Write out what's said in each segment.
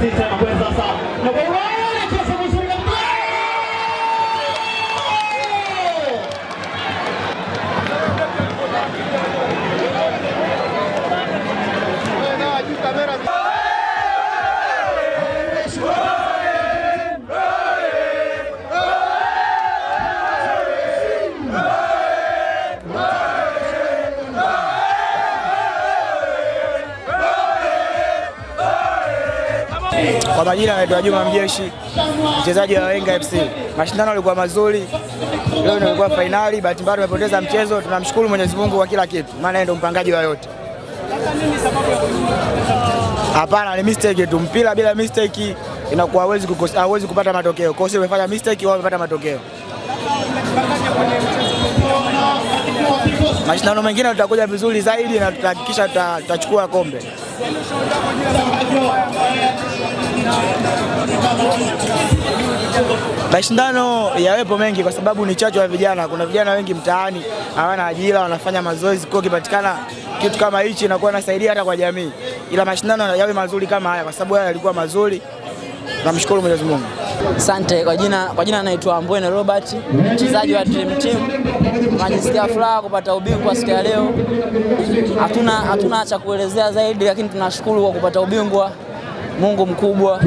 Gracias. Kwa majina naitwa Juma Mjeshi, mchezaji wa Wenga FC. Mashindano yalikuwa mazuri, leo ilikuwa fainali, bahati mbaya tumepoteza mchezo. Tunamshukuru Mwenyezi Mungu kwa kila kitu, maana yeye ndio mpangaji wa yote. Hapana, ni mistake tu. Mpira bila mistake inakuwa hawezi kukosa, hawezi kupata matokeo. Kwa hiyo umefanya mistake, wao wamepata matokeo. Mashindano mengine tutakuja vizuri zaidi na tutahakikisha tutachukua kombe. Mashindano yawepo mengi kwa sababu ni chachu ya vijana. Kuna vijana wengi mtaani hawana ajira, wanafanya mazoezi, kwa kipatikana kitu kama hichi inakuwa nasaidia hata kwa jamii, ila mashindano yawe mazuri kama haya, kwa sababu haya yalikuwa mazuri. Namshukuru Mwenyezi Mungu. Asante kwa jina, kwa jina naitwa Ambwene Robert, mchezaji wa Dream Team. Tunajisikia furaha kupata ubingwa siku ya leo. Hatuna hatuna cha kuelezea zaidi, lakini tunashukuru kwa kupata ubingwa. Mungu mkubwa.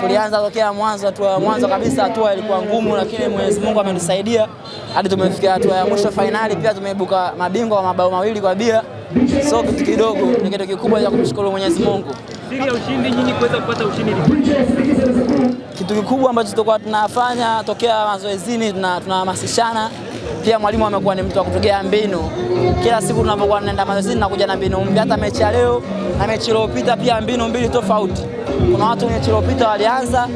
Tulianza tokea mwanzo tu, mwanzo kabisa hatua ilikuwa ngumu, lakini Mwenyezi Mungu ametusaidia hadi tumefikia hatua ya mwisho fainali. Pia tumeibuka mabingwa kwa mabao mawili kwa bila, so kitu kidogo ni kitu kikubwa cha kumshukuru Mwenyezi Mungu. Siri ya ushindi nyinyi kuweza kupata ushindi kitu kikubwa ambacho tulikuwa tunafanya tokea mazoezini, tunahamasishana pia. Mwalimu amekuwa ni mtu wa kutugea mbinu kila siku, tunapokuwa tunaenda mazoezini na kuja na mbinu mpya. Hata mechi ya leo na mechi iliyopita pia mbinu mbili tofauti. Kuna watu mechi iliyopita walianza,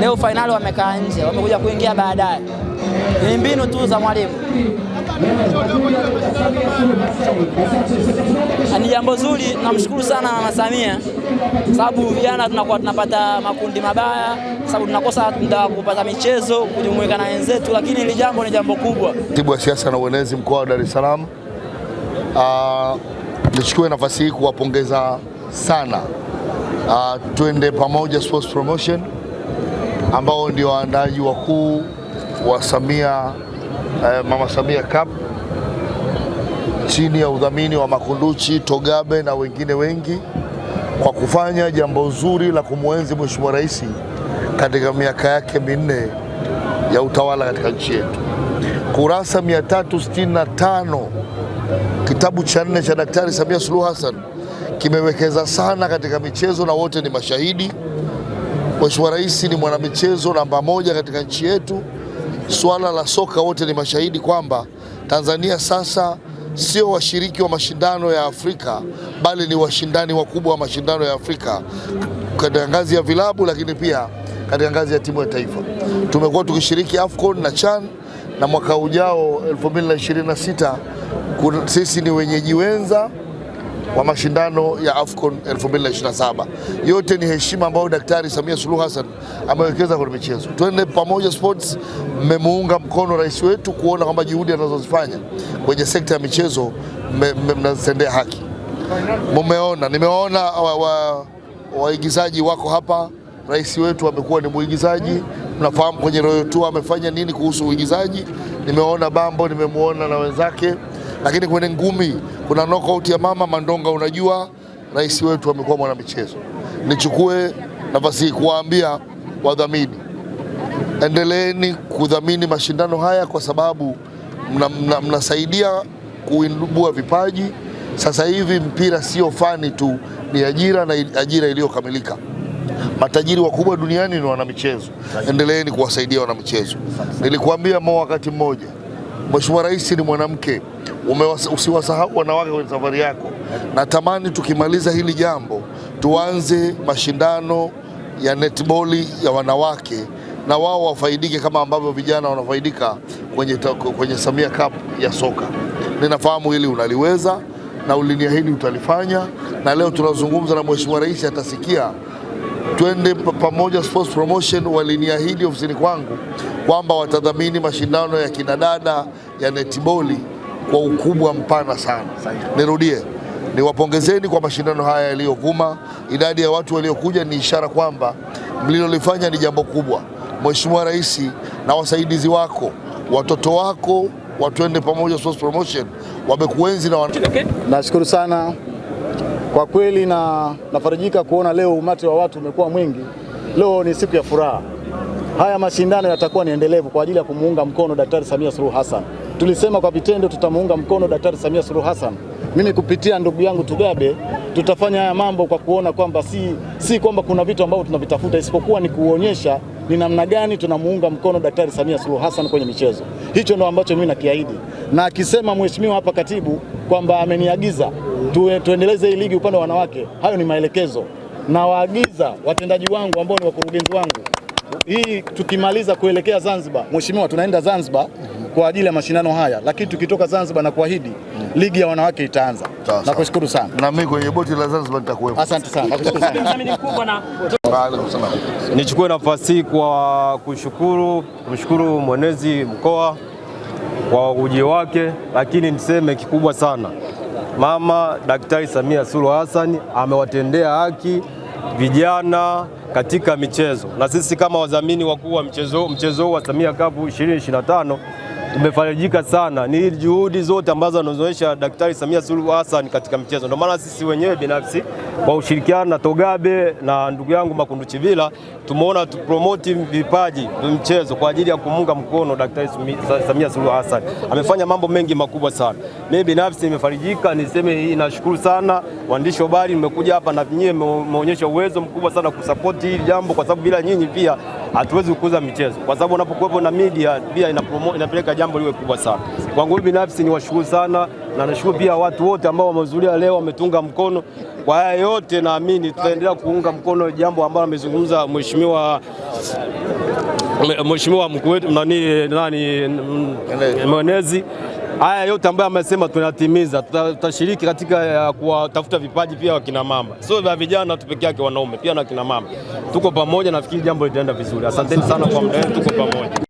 leo fainali wamekaa nje, wamekuja kuingia baadaye. Ni mbinu tu za mwalimu. Ni jambo zuri, namshukuru sana Mama Samia sababu vijana tunakuwa tunapata makundi mabaya, sababu tunakosa muda kupata michezo, kujumuika na wenzetu, lakini hili jambo ni jambo kubwa. Katibu wa siasa na uenezi mkoa wa Dar es Salaam, ah, nichukue nafasi hii kuwapongeza sana uh, Twende Pamoja Sports Promotion ambao ndio waandaaji wakuu wa Samia eh, Mama Samia Cup chini ya udhamini wa Makunduchi, Togabe na wengine wengi kwa kufanya jambo zuri la kumwenzi Mheshimiwa Rais katika miaka yake minne ya utawala katika nchi yetu. Kurasa 365 kitabu cha nne cha Daktari Samia Suluhu Hassan kimewekeza sana katika michezo na wote ni mashahidi. Mheshimiwa Rais ni mwanamichezo namba moja katika nchi yetu suala la soka wote ni mashahidi kwamba Tanzania sasa sio washiriki wa mashindano ya Afrika bali ni washindani wakubwa wa mashindano ya Afrika katika ngazi ya vilabu, lakini pia katika ngazi ya timu ya taifa. Tumekuwa tukishiriki AFCON na CHAN na mwaka ujao 2026 sisi ni wenyeji wenza wa mashindano ya AFCON 2027. Yote ni heshima ambayo Daktari Samia Suluhu Hassan amewekeza kwenye michezo. Twende pamoja sports, mmemuunga mkono rais wetu kuona kwamba juhudi anazozifanya kwenye sekta ya michezo mnazitendea haki. Mumeona, nimeona waigizaji wa, wa wako hapa. Rais wetu amekuwa ni mwigizaji, mnafahamu kwenye Royal Tour amefanya nini kuhusu uigizaji. Nimeona Bambo, nimemwona na wenzake lakini kwenye ngumi kuna knockout ya mama Mandonga. Unajua rais wetu amekuwa mwanamichezo. Nichukue nafasi hii kuwaambia wadhamini, endeleeni kudhamini mashindano haya kwa sababu mnasaidia mna, mna kuibua vipaji. Sasa hivi mpira sio fani tu, ni ajira na ajira iliyokamilika. Matajiri wakubwa duniani ni wanamichezo, endeleeni kuwasaidia wanamichezo. Nilikuambia mo wakati mmoja Mheshimiwa Rais ni mwanamke, usiwasahau wanawake kwenye safari yako. Natamani tukimaliza hili jambo tuanze mashindano ya netboli ya wanawake na wao wafaidike kama ambavyo vijana wanafaidika kwenye, kwenye Samia Cup ya soka. Ninafahamu hili unaliweza na uliniahidi utalifanya, na leo tunazungumza na Mheshimiwa Rais atasikia twende pamoja sports promotion waliniahidi ofisini kwangu kwamba watadhamini mashindano ya kinadada ya netiboli kwa ukubwa mpana sana. Nirudie, niwapongezeni kwa mashindano haya yaliyovuma. Idadi ya watu waliokuja ni ishara kwamba mlilolifanya ni jambo kubwa. Mheshimiwa Rais na wasaidizi wako, watoto wako wa Twende Pamoja Sports Promotion wamekuenzi na wan... Nashukuru sana kwa kweli na nafarijika kuona leo umati wa watu umekuwa mwingi. Leo ni siku ya furaha. Haya mashindano yatakuwa ni endelevu kwa ajili ya kumuunga mkono Daktari Samia Suluhu Hassan tulisema kwa vitendo tutamuunga mkono Daktari Samia Suluhu Hassan. Mimi kupitia ndugu yangu Tugabe tutafanya haya mambo kwa kuona kwamba si, si kwamba kuna vitu ambavyo tunavitafuta isipokuwa ni kuonyesha ni namna gani tunamuunga mkono Daktari Samia Suluhu Hassan kwenye michezo. Hicho ndo ambacho mimi nakiahidi, na akisema mheshimiwa hapa katibu kwamba ameniagiza tuendeleze hii ligi upande wa wanawake, hayo ni maelekezo. Nawaagiza watendaji wangu ambao ni wakurugenzi wangu hii tukimaliza kuelekea Zanzibar, mheshimiwa, tunaenda Zanzibar kwa ajili ya mashindano haya, lakini tukitoka Zanzibar na kuahidi ligi ya wanawake itaanza. Nakushukuru sana. Na mimi kwenye boti la Zanzibar nitakuwepo. Asante sana. sana. Nichukue nafasi kwa kushukuru kumshukuru mwenezi mkoa kwa uji wake, lakini niseme kikubwa sana, Mama Daktari Samia Suluhu Hassan amewatendea haki vijana katika michezo, na sisi kama wadhamini wakuu wa mchezo huu wa Samia Cup 2025 tumefarijika sana, ni juhudi zote ambazo anazoonyesha Daktari Samia Suluhu Hassan katika michezo. Ndio maana sisi wenyewe binafsi kwa ushirikiano na Togabe na ndugu yangu Makundu Chivila tumeona tupromoti vipaji mchezo kwa ajili ya kumunga mkono Daktari Samia Suluhu Hassan. Amefanya mambo mengi makubwa sana. Mimi binafsi nimefarijika, niseme nashukuru sana waandishi wa habari, nimekuja hapa na nyinyi mmeonyesha uwezo mkubwa sana kusapoti hili jambo, kwa sababu bila nyinyi pia hatuwezi kukuza michezo, kwa sababu unapokuwepo na media pia inapeleka jambo liwe kubwa sana. Kwangu binafsi ni washukuru sana na nashukuru pia watu wote ambao wamehudhuria leo, wametunga mkono. Kwa haya yote, naamini tutaendelea kuunga mkono jambo ambalo amezungumza mheshimiwa mheshimiwa mkuu wetu nani nani mwenezi haya yote ambayo amesema tunatimiza, tutashiriki katika eh, kuwatafuta vipaji pia wakina mama, sio vya vijana tu peke yake, wanaume pia na wakina mama. Tuko pamoja, nafikiri jambo litaenda vizuri. Asanteni sana kwa muda wenu, tuko pamoja.